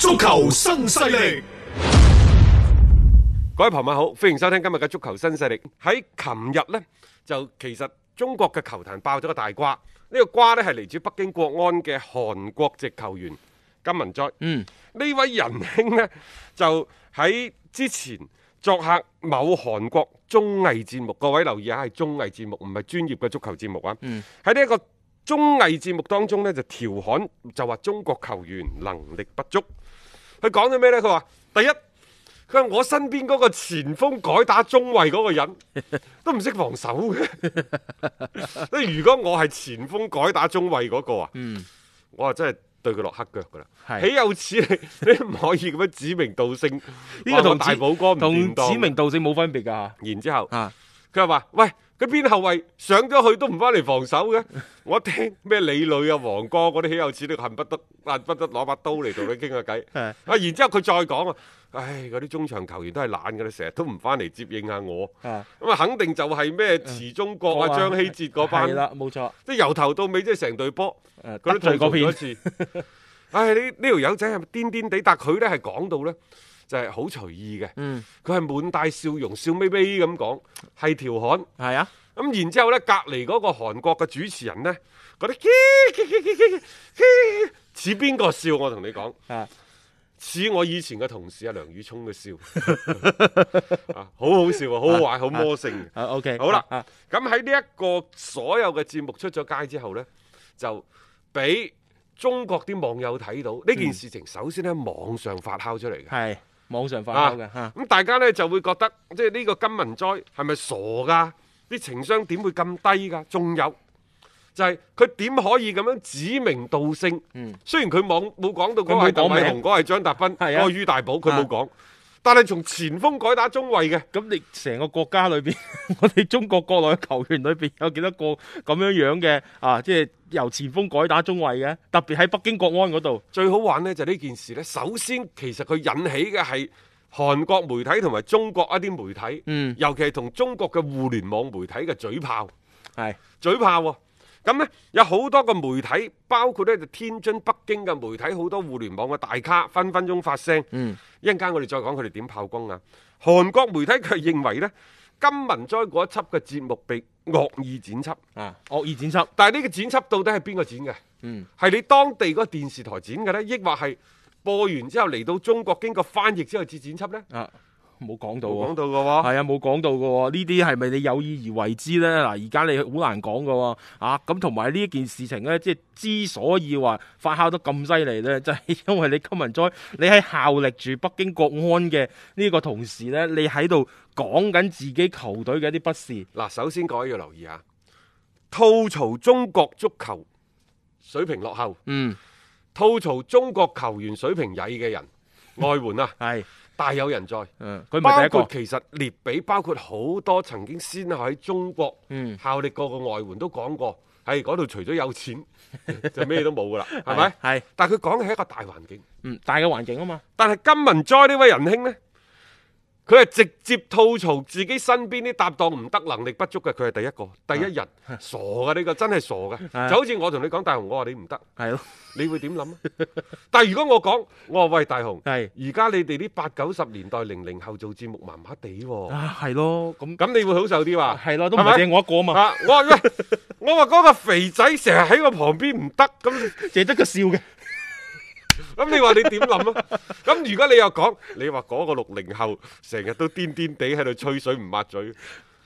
足球新勢力，各位朋友好，歡迎收聽今日嘅足球新勢力。喺琴日呢，就其實中國嘅球壇爆咗個大瓜，呢、這個瓜呢係嚟自北京國安嘅韓國籍球員金玟哉。嗯，呢位仁兄呢，就喺之前作客某韓國綜藝節目，各位留意下，係綜藝節目，唔係專業嘅足球節目啊。嗯，喺呢一個。綜藝節目當中咧就調侃，就話中國球員能力不足。佢講咗咩咧？佢話第一，佢話我身邊嗰個前鋒改打中衛嗰個人，都唔識防守嘅。即係 如果我係前鋒改打中衛嗰、嗰個啊，嗯、我啊真係對佢落黑腳噶啦。豈是有此理！你唔可以咁樣指名道姓，呢個同大寶哥唔同，同指名道姓冇分別噶、啊。然之後，佢係話喂。佢邊後衞上咗去都唔翻嚟防守嘅，我聽咩李磊啊王剛嗰啲豈有此理，都恨不得、恨不得攞把刀嚟同佢傾下偈。啊，然之後佢再講啊，唉，嗰啲中場球員都係懶嘅咧，成日都唔翻嚟接應下我。咁啊，肯定就係咩池忠國啊張稀哲嗰班。係啦，冇錯。即係由頭到尾，即係成隊波，佢都醉過片。唉，呢呢條友仔係咪癲癲地？但係佢咧係講到咧。就係好隨意嘅，佢係、嗯、滿帶笑容，笑眯眯咁講，係調侃，係啊。咁然之後咧，隔離嗰個韓國嘅主持人咧，嗰啲似邊個笑？我同你講，似、啊、我以前嘅同事阿梁宇聰嘅笑、， 啊，好好笑喎，好壞好、啊、魔性。OK，好啦。咁喺呢一個所有嘅節目出咗街之後咧，就俾中國啲網友睇到呢、嗯、件事情。首先喺網上發酵出嚟嘅，係。網上發酵嘅，咁、啊啊嗯、大家咧就會覺得，即係呢個金玟哉係咪傻噶？啲情商點會咁低噶？仲有就係佢點可以咁樣指名道姓？嗯，雖然佢網冇講到，佢係鄧偉雄，嗰係張達斌，我係于大寶，佢冇講。啊但係從前鋒改打中衛嘅，咁你成個國家裏邊，我哋中國國內球員裏邊有幾多個咁樣樣嘅啊？即係由前鋒改打中衛嘅，特別喺北京國安嗰度最好玩呢就係呢件事呢。首先，其實佢引起嘅係韓國媒體同埋中國一啲媒體，嗯，尤其係同中國嘅互聯網媒體嘅嘴炮，係嘴炮。咁咧有好多個媒體，包括咧就天津、北京嘅媒體，好多互聯網嘅大咖分分鐘發聲。嗯，一陣間我哋再講佢哋點炮轟啊。韓國媒體佢認為呢，金玟哉嗰一輯嘅節目被惡意剪輯啊，惡意剪輯。但係呢個剪輯到底係邊個剪嘅？嗯，係你當地嗰個電視台剪嘅呢，抑或係播完之後嚟到中國經過翻譯之後至剪輯呢？啊。冇講到，係啊，冇講到喎。呢啲係咪你有意而為之呢？嗱，而家你好難講噶，啊，咁同埋呢件事情呢，即係之所以話發酵得咁犀利呢，就係、是、因為你金玟哉，你喺效力住北京國安嘅呢個同時呢，你喺度講緊自己球隊嘅一啲不是。嗱，首先各位要留意啊，吐槽中國足球水平落後，嗯，吐槽中國球員水平矮嘅人，外援啊，係。 大有人在，嗯，佢唔係第一個，包括其實列比，包括好多曾經先後喺中國、嗯、效力過嘅外援都講過，喺嗰度除咗有錢 就咩都冇噶啦，係咪 吧？係，是但係佢講嘅係一個大環境，嗯，大嘅環境啊嘛。但係金玟哉呢位仁兄咧。佢係直接吐槽自己身邊啲搭檔唔得，能力不足嘅，佢係第一個，第一人，啊啊、傻噶呢個，真係傻噶，啊、就好似我同你講，大雄，我話你唔得，係咯，你會點諗啊？ 但係如果我講，我話喂，大雄，係而家你哋啲八九十年代、零零後做節目麻麻地喎，係咯、啊，咁咁、嗯、你會好受啲話？係啦、啊，都唔係我一個啊嘛，我話喂，我話嗰 個肥仔成日喺我旁邊唔 得，咁剩得佢笑嘅。咁你話你點諗啊？咁如果你又講，你話嗰個六零後成日都癲癲地喺度吹水唔抹嘴，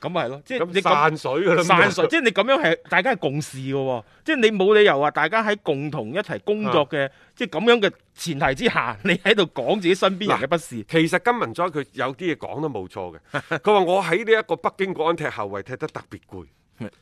咁咪係咯？即係散水噶啦，散水。即係你咁樣係大家係共事噶，即係你冇理由話大家喺共同一齊工作嘅，即係咁樣嘅前提之下，你喺度講自己身邊人嘅不是。其實金玟哉佢有啲嘢講都冇錯嘅，佢話我喺呢一個北京國安踢後衛踢得特別攰。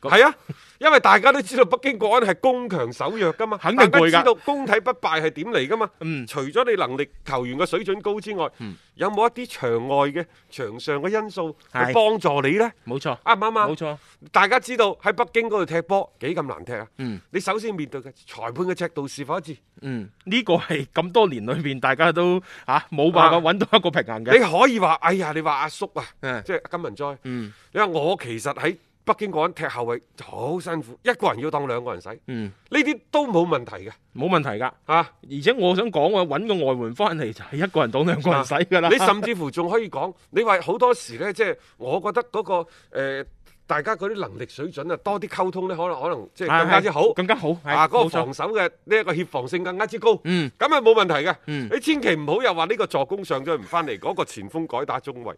係啊，因為大家都知道北京國安係攻強守弱噶嘛，肯定噶。但係知道攻體不敗係點嚟噶嘛？嗯，除咗你能力、球員嘅水準高之外，嗯，有冇一啲場外嘅、場上嘅因素去幫助你咧？冇錯，啱唔啱？冇錯。大家知道喺北京嗰度踢波幾咁難踢啊？嗯，你首先面對嘅裁判嘅尺度是否一致？嗯，呢個係咁多年裏邊，大家都啊冇辦法搵到一個平衡嘅。你可以話，哎呀，你話阿叔啊，嗯，即係金玟哉，嗯，你話我其實喺。北京嗰人踢後衞就好辛苦，一個人要當兩個人使，呢啲、嗯、都冇問題嘅，冇問題㗎嚇。啊、而且我想講喎，揾個外援翻嚟就係一個人當兩個人使㗎啦。你甚至乎仲可以講，你話好多時呢，即係我覺得嗰個、呃大家嗰啲能力水準啊，多啲溝通咧，可能可能即係更加之好，啊、更加好啊！嗰個防守嘅呢一個協防性更加之高，嗯，咁啊冇問題嘅，嗯，你千祈唔好又話呢個助攻上咗唔翻嚟，嗰個前鋒改打中衛，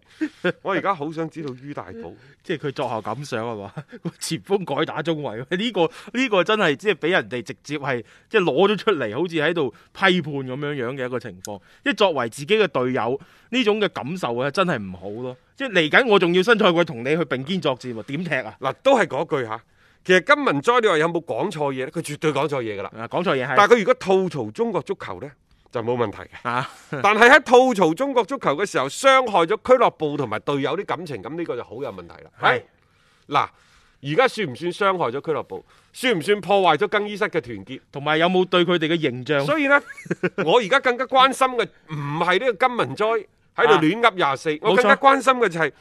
我而家好想知道于大寶， 即係佢作後感想係嘛？是吧 前鋒改打中衛，呢個呢個真係即係俾人哋直接係即係攞咗出嚟，好似喺度批判咁樣樣嘅一個情況，即係作為自己嘅隊友，呢種嘅感受咧真係唔好咯。即係嚟緊，我仲要新賽季同你去並肩作戰嘛？點踢啊？嗱，都係嗰句吓。其實金玟哉，你話有冇講錯嘢咧？佢絕對講錯嘢噶啦。啊，講錯嘢係。但係佢如果吐槽中國足球咧，就冇問題嘅。啊，但係喺吐槽中國足球嘅時候，傷害咗俱樂部同埋隊友啲感情，咁呢個就好有問題啦。係嗱，而家算唔算傷害咗俱樂部？算唔算破壞咗更衣室嘅團結？同埋有冇對佢哋嘅形象？所以咧，我而家更加關心嘅唔係呢個金玟哉。喺度亂噏廿四，24, 啊、我更加關心嘅就係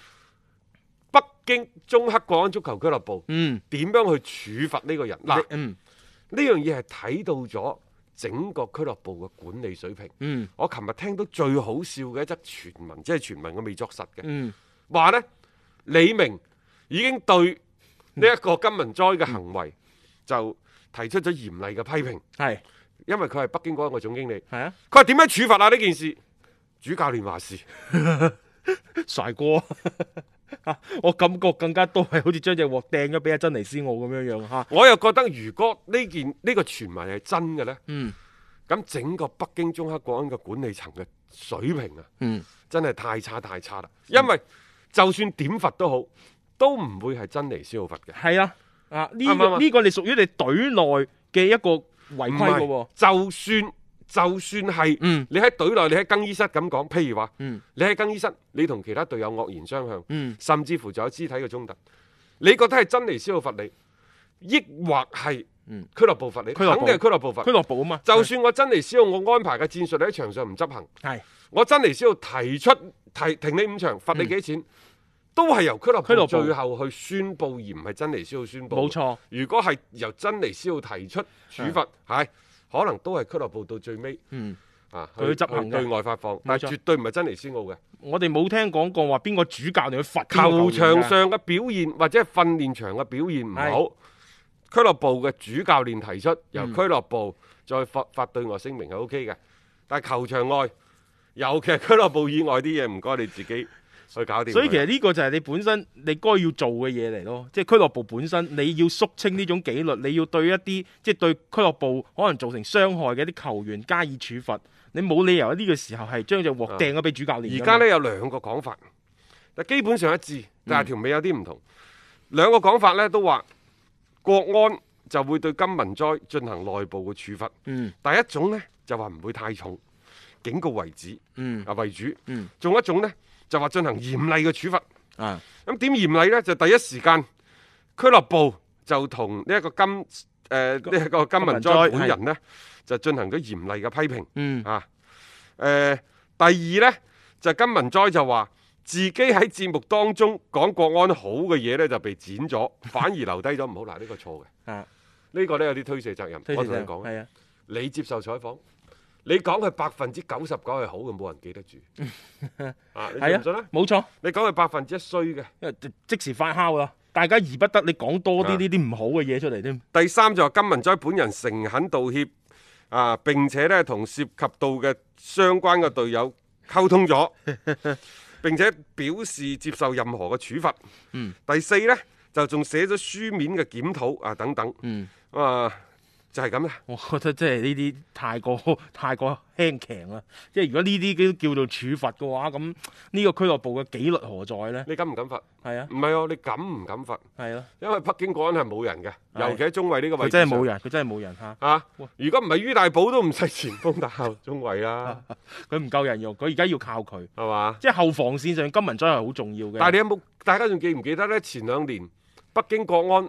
北京中赫國安足球俱樂部，嗯，點樣去處罰呢個人？嗱、啊、呢、嗯、樣嘢，係睇到咗整個俱樂部嘅管理水平。嗯、我琴日聽到最好笑嘅一則傳聞，即係傳聞我未作實嘅，話、嗯、呢李明已經對呢一個金玟哉嘅行為、嗯、就提出咗嚴厲嘅批評。係、嗯，嗯、因為佢係北京國安嘅總經理。係啊，佢話點樣處罰啊呢件事？主教練話事， 帥哥「甩 過我感覺更加多係好似將隻鑊掟咗俾阿珍尼斯奧咁樣樣嚇。我又覺得如果呢件呢、呢個傳聞係真嘅呢，嗯，咁整個北京中赫國安嘅管理層嘅水平啊，嗯，真係太差太差啦。嗯、因為就算點罰都好，都唔會係珍尼斯奧罰嘅。係啊，啊呢吧個呢個你屬於你隊內嘅一個違規嘅喎，就算。就算係，你喺隊內，你喺更衣室咁講，譬如話，你喺更衣室，你同其他隊友惡言相向，甚至乎仲有肢體嘅衝突，你覺得係真尼斯奧罰你，抑或係俱樂部罰你？肯定係俱樂部罰。俱樂部啊嘛。就算我真尼斯奧我安排嘅戰術喺場上唔執行，係我真尼斯奧提出提停你五場，罰你幾錢，都係由俱樂部最後去宣布，而唔係真尼斯奧宣布。冇錯。如果係由真尼斯奧提出處罰，係。可能都係俱樂部到最尾，嗯、啊去執行的去對外發放，錯但係絕對唔係真尼斯奧嘅。我哋冇聽講過話邊個主教練去罰嘅。球場上嘅表現或者訓練場嘅表現唔好，是俱樂部嘅主教練提出由俱樂部再發、嗯、發對外聲明係 O K 嘅，但係球場外，尤其係俱樂部以外啲嘢，唔該你自己。 所以其實呢個就係你本身你該要做嘅嘢嚟咯，即係俱樂部本身你要肅清呢種紀律，你要對一啲即係對俱樂部可能造成傷害嘅啲球員加以處罰，你冇理由喺呢個時候係將隻鑊掟咗俾主教練、啊。而家呢，有兩個講法，但基本上一致，但係條尾有啲唔同。兩、嗯、個講法呢都話國安就會對金玟哉進行內部嘅處罰。嗯，第一種呢就話唔會太重，警告為止。嗯，啊為主。嗯，仲一種呢。就話進行嚴厲嘅處罰啊！咁點嚴厲咧？就第一時間俱樂部就同呢一個金誒呢一個金玟哉本人咧，的就進行咗嚴厲嘅批評。嗯啊誒、呃，第二咧就金玟哉就話自己喺節目當中講國安好嘅嘢咧，就被剪咗，反而留低咗唔好嗱，呢、 呢個錯嘅啊，呢個咧有啲推卸責任。責任我同你講，係啊的，你接受採訪。你講佢百分之九十九係好嘅，冇人記得住。係啊， 冇錯錯。你講佢百分之一衰嘅，因為即時發酵啦，大家而不得你些些不，你講多啲呢啲唔好嘅嘢出嚟。第三就話金玟哉本人誠懇道歉啊，並且咧同涉及到嘅相關嘅隊友溝通咗， 並且表示接受任何嘅處罰。嗯。第四呢，就仲寫咗書面嘅檢討啊等等。嗯。咁啊。就係咁啦，我覺得即係呢啲太過太過輕強啦。即係如果呢啲叫做處罰嘅話，咁呢個俱樂部嘅紀律何在咧、啊啊？你敢唔敢罰？係啊，唔係喎，你敢唔敢罰？係啊，因為北京國安係冇人嘅，尤其係中衞呢個位置，是啊、他真係冇人，佢真係冇人嚇。啊，哇如果唔係于大寶都唔使前鋒打後中衞啦、啊，佢唔 夠人用，佢而家要靠佢係嘛？是吧即係後防線上金玟哉係好重要嘅。但係你有冇？大家仲記唔記得咧？前兩年北京國安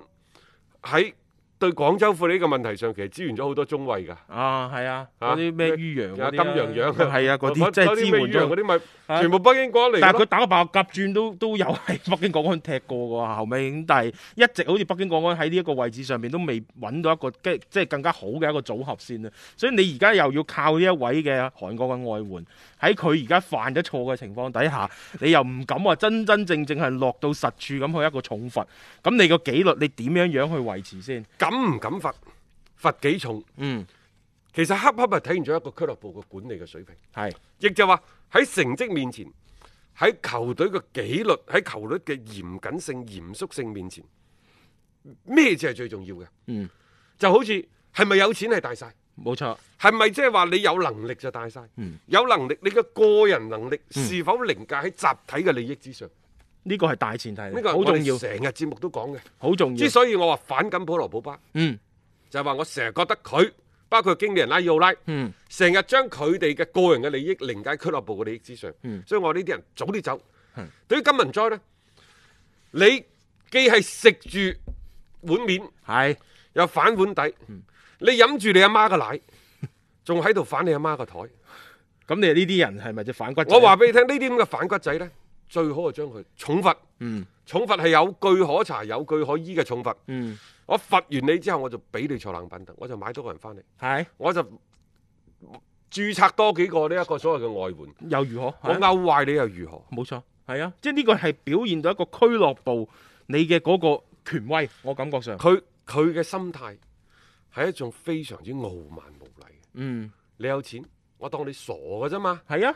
喺。對廣州富力呢個問題上，其實支援咗好多中衛噶。啊，係啊，嗰啲咩于洋、金洋洋，係啊，啲即係支援咗啲咪全部北京國安嚟、啊。但係佢打個白鴿轉都都有喺北京國安踢過噶，後尾但係一直好似北京國安喺呢一個位置上邊都未揾到一個即即係更加好嘅一個組合先啊。所以你而家又要靠呢一位嘅韓國嘅外援，喺佢而家犯咗錯嘅情況底下，你又唔敢話真真正正係落到實處咁去一個重罰。咁你個紀律你點樣樣去維持先？敢唔敢罰？罰幾重？嗯，其實恰恰係體現咗一個俱樂部嘅管理嘅水平。係是，亦就話喺成績面前，喺球隊嘅紀律、喺球率嘅嚴謹性、嚴肅性面前，咩先係最重要嘅？嗯，就好似係咪有錢係大晒？冇錯錯。係咪即係話你有能力就大晒？嗯，有能力你嘅個人能力是否凌駕喺集體嘅利益之上？呢個係大前提，呢個好重要。成日節目都講嘅，好重要。之所以我話反緊普羅普巴，嗯，就係話我成日覺得佢，包括經理人拉奧拉，嗯，成日將佢哋嘅個人嘅利益凌駕俱樂部嘅利益之上，嗯，所以我呢啲人早啲走。對於金玟哉咧，你既係食住碗麵，係又反碗底，你飲住你阿媽嘅奶，仲喺度反你阿媽個台，咁你呢啲人係咪隻反骨仔？我話俾你聽，呢啲咁嘅反骨仔咧。最好就將佢重罰，重罰係有據可查、有據可依嘅重罰。嗯、我罰完你之後，我就俾你坐冷板凳，我就買多個人翻嚟，係、啊、我就注冊多幾個呢一個所謂嘅外援，又如何？啊、我勾壞你又如何？冇錯，係啊，即係呢個係表現到一個俱樂部你嘅嗰個權威，我感覺上佢佢嘅心態係一種非常之傲慢無禮，嗯，你有錢，我當你傻㗎啫嘛。係啊。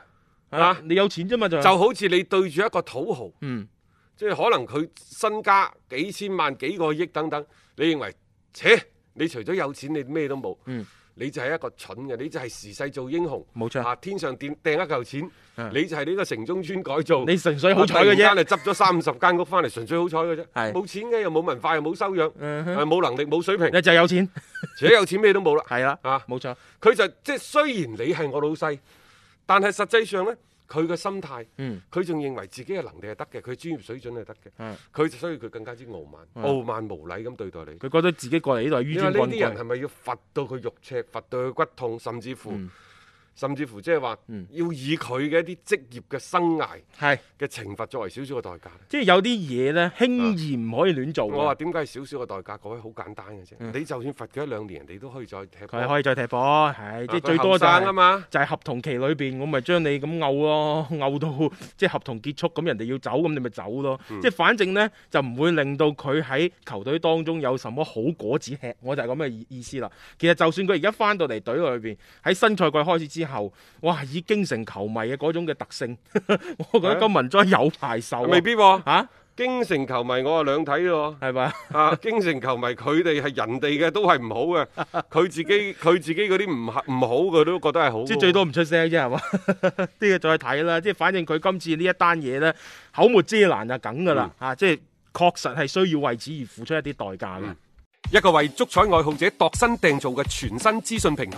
啊！你有錢啫嘛，就就好似你對住一個土豪，嗯，即係可能佢身家幾千萬、幾個億等等，你認為，切，你除咗有錢，你咩都冇，嗯，你就係一個蠢嘅，你就係時勢做英雄，冇錯，啊，天上掟掟一嚿錢，你就係呢個城中村改造，你純粹好彩嘅啫，而家嚟執咗三十間屋翻嚟，純粹好彩嘅啫，係冇錢嘅，又冇文化，又冇修養，啊，冇能力，冇水平，你就有錢，除咗有錢咩都冇啦，係啦，啊，冇錯，佢就即係雖然你係我老細。但係實際上呢，佢嘅心態，佢仲、嗯、認為自己嘅能力係得嘅，佢專業水準係得嘅，佢就的所以佢更加之傲慢，的傲慢無禮咁對待你。佢覺得自己過嚟呢度呢啲人係咪要罰到佢肉赤，罰到佢骨痛，甚至乎、嗯？甚至乎即係話，要以佢嘅一啲職業嘅生涯嘅懲罰作為少少嘅代價、嗯，即係、就是、有啲嘢呢，輕易唔可以亂做。我話點解少少嘅代價？嗰位好簡單嘅啫，嗯、你就算罰咗一兩年，你都可以再踢。佢可以再踢波，係即係最多散、就、啊、是、嘛。就係合同期裏邊，我咪將你咁拗咯，拗到即係、就是、合同結束，咁人哋要走，咁你咪走咯。即係、嗯、反正呢，就唔會令到佢喺球隊當中有什麼好果子吃，我就係咁嘅意思啦。其實就算佢而家翻到嚟隊裏邊，喺新賽季開始之後，後哇，以京城球迷嘅嗰種嘅特性，我覺得金玟哉有排受，啊、未必吓、啊。啊、京城球迷我啊兩睇咯，係咪是吧？啊？ 京城球迷佢哋係人哋嘅都係唔好嘅，佢 自己佢自己嗰啲唔唔好，嘅都覺得係好。即係最多唔出聲啫，係嘛？呢 個再睇啦。即係反正佢今次呢一單嘢咧，口沒遮攔就梗噶啦吓。即係確實係需要為此而付出一啲代價啦、嗯。一個為足彩愛好者度身訂造嘅全新資訊平台。